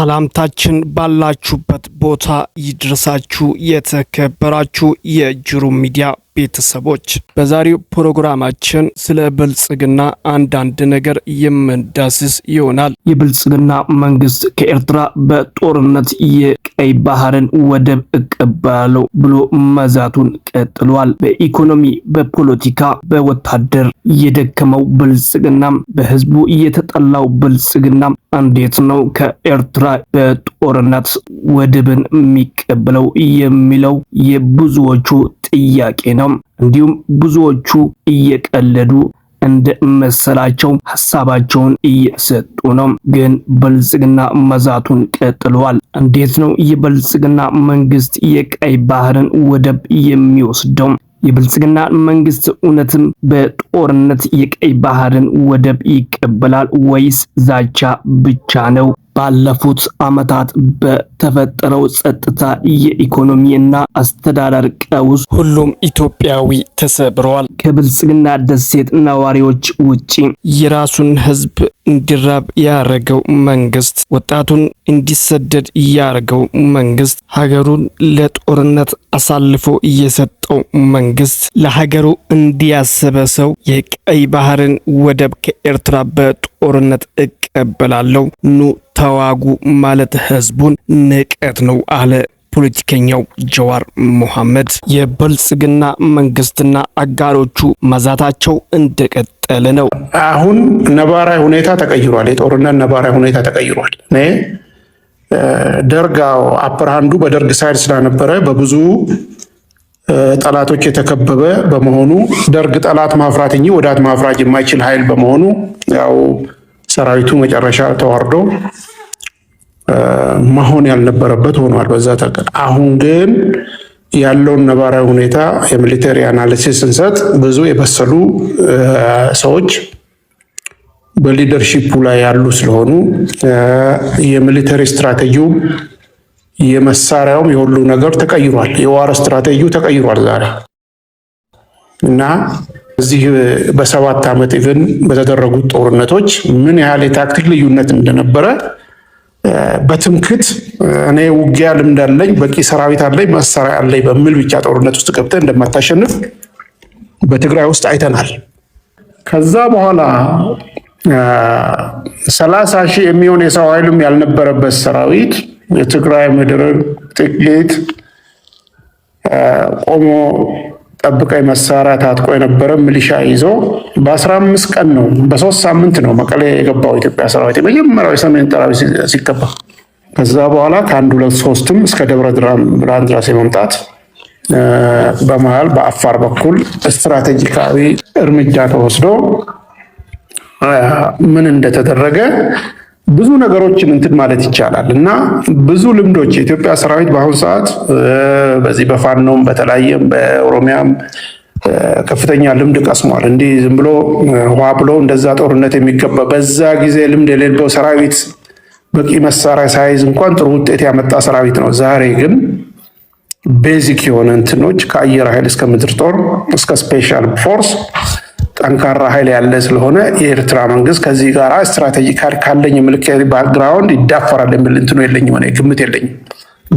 ሰላምታችን ባላችሁበት ቦታ ይድረሳችሁ። የተከበራችሁ የጅሩ ሚዲያ ቤተሰቦች በዛሬው ፕሮግራማችን ስለ ብልጽግና አንዳንድ ነገር የምንዳስስ ይሆናል። የብልጽግና መንግስት ከኤርትራ በጦርነት የቀይ ባህርን ወደብ እቀበላለሁ ብሎ መዛቱን ቀጥሏል። በኢኮኖሚ፣ በፖለቲካ፣ በወታደር የደከመው ብልጽግናም በህዝቡ የተጠላው ብልጽግናም እንዴት ነው ከኤርትራ በጦርነት ወደብን የሚቀበለው የሚለው የብዙዎቹ ጥያቄ ነው። አልተስማማም። እንዲሁም ብዙዎቹ እየቀለዱ እንደ መሰላቸው ሀሳባቸውን እየሰጡ ነው። ግን ብልጽግና መዛቱን ቀጥሏል። እንዴት ነው የብልጽግና መንግስት የቀይ ባህርን ወደብ የሚወስደው? የብልጽግና መንግስት እውነትም በጦርነት የቀይ ባህርን ወደብ ይቀበላል ወይስ ዛቻ ብቻ ነው? ባለፉት ዓመታት በተፈጠረው ጸጥታ፣ የኢኮኖሚ እና አስተዳደር ቀውስ ሁሉም ኢትዮጵያዊ ተሰብረዋል። ከብልጽግና ደሴት ነዋሪዎች ውጪ የራሱን ሕዝብ እንዲራብ ያረገው መንግስት፣ ወጣቱን እንዲሰደድ ያረገው መንግስት፣ ሀገሩን ለጦርነት አሳልፎ እየሰጠው መንግስት፣ ለሀገሩ እንዲያሰበሰው የቀይ ባህርን ወደብ ከኤርትራ በጦርነት እቀበላለሁ፣ ኑ ተዋጉ ማለት ህዝቡን ንቀት ነው አለ ፖለቲከኛው ጀዋር መሐመድ። የብልጽግና መንግስትና አጋሮቹ መዛታቸው እንደቀጠለ ነው። አሁን ነባራዊ ሁኔታ ተቀይሯል። የጦርነት ነባራዊ ሁኔታ ተቀይሯል። እኔ ደርግ አፕርሃንዱ በደርግ ሳይድ ስለነበረ በብዙ ጠላቶች የተከበበ በመሆኑ ደርግ ጠላት ማፍራት እንጂ ወዳት ማፍራት የማይችል ኃይል በመሆኑ ያው ሰራዊቱ መጨረሻ ተዋርዶ መሆን ያልነበረበት ሆኗል። በዛ ተቀል አሁን ግን ያለውን ነባራዊ ሁኔታ የሚሊተሪ አናሊሲስ ስንሰጥ ብዙ የበሰሉ ሰዎች በሊደርሺፑ ላይ ያሉ ስለሆኑ የሚሊተሪ ስትራቴጂው የመሳሪያውም የሁሉ ነገር ተቀይሯል። የዋር ስትራቴጂው ተቀይሯል ዛሬ እና በዚህ በሰባት ዓመት ኢቨን በተደረጉት ጦርነቶች ምን ያህል የታክቲክ ልዩነት እንደነበረ በትምክት እኔ ውጊያ ልምድ አለኝ፣ በቂ ሰራዊት አለኝ፣ መሳሪያ አለኝ በሚል ብቻ ጦርነት ውስጥ ገብተ እንደማታሸንፍ በትግራይ ውስጥ አይተናል። ከዛ በኋላ ሰላሳ ሺህ የሚሆን የሰው ኃይልም ያልነበረበት ሰራዊት የትግራይ ምድር ጥቂት ቆሞ ጠብቀኝ መሳሪያ ታጥቆ የነበረ ሚሊሻ ይዞ በአስራ አምስት ቀን ነው በሶስት ሳምንት ነው መቀሌ የገባው ኢትዮጵያ ሰራዊት የመጀመሪያው የሰሜን ጠራዊ ሲገባ። ከዛ በኋላ ከአንድ ሁለት ሶስትም እስከ ደብረ ብርሃን ድረስ የመምጣት በመሀል በአፋር በኩል ስትራቴጂካዊ እርምጃ ተወስዶ ምን እንደተደረገ ብዙ ነገሮችን እንትን ማለት ይቻላል እና ብዙ ልምዶች የኢትዮጵያ ሰራዊት በአሁኑ ሰዓት በዚህ በፋኖም በተለያየም በኦሮሚያም ከፍተኛ ልምድ ቀስሟል። እንዲህ ዝም ብሎ ውሃ ብሎ እንደዛ ጦርነት የሚገባ በዛ ጊዜ ልምድ የሌለው ሰራዊት በቂ መሳሪያ ሳይዝ እንኳን ጥሩ ውጤት ያመጣ ሰራዊት ነው። ዛሬ ግን ቤዚክ የሆነ እንትኖች ከአየር ኃይል እስከ ምድር ጦር እስከ ስፔሻል ፎርስ ጠንካራ ኃይል ያለ ስለሆነ የኤርትራ መንግስት ከዚህ ጋር ስትራቴጂካል ካለኝ ምልክት ባክግራውንድ ይዳፈራል የሚል እንትኑ የለኝም፣ እኔ ግምት የለኝም።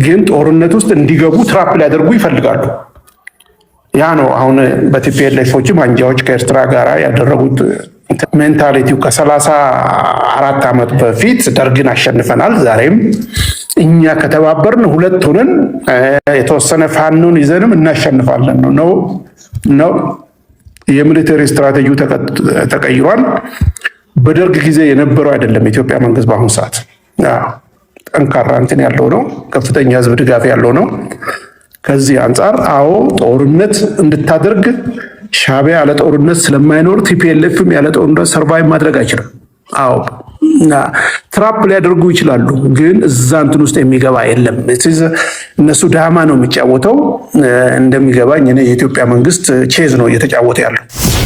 ግን ጦርነት ውስጥ እንዲገቡ ትራፕ ሊያደርጉ ይፈልጋሉ። ያ ነው አሁን በቲፒኤልኤፎችም አንጃዎች ከኤርትራ ጋር ያደረጉት ሜንታሊቲው ከሰላሳ አራት ዓመት በፊት ደርግን አሸንፈናል፣ ዛሬም እኛ ከተባበርን ሁለት ሁነን የተወሰነ ፋኖን ይዘንም እናሸንፋለን ነው ነው የሚሊተሪ ስትራቴጂው ተቀይሯል። በደርግ ጊዜ የነበረው አይደለም የኢትዮጵያ መንግስት በአሁኑ ሰዓት ጠንካራ እንትን ያለው ነው። ከፍተኛ ህዝብ ድጋፍ ያለው ነው። ከዚህ አንጻር አዎ ጦርነት እንድታደርግ ሻቢያ ያለ ጦርነት ስለማይኖር ቲፒኤልኤፍም ያለ ጦርነት ሰርቫይቭ ማድረግ አይችልም። አዎ ትራፕ ሊያደርጉ ይችላሉ፣ ግን እዛ እንትን ውስጥ የሚገባ የለም። እነሱ ዳማ ነው የሚጫወተው እንደሚገባኝ እኔ የኢትዮጵያ መንግስት ቼዝ ነው እየተጫወተ ያለው።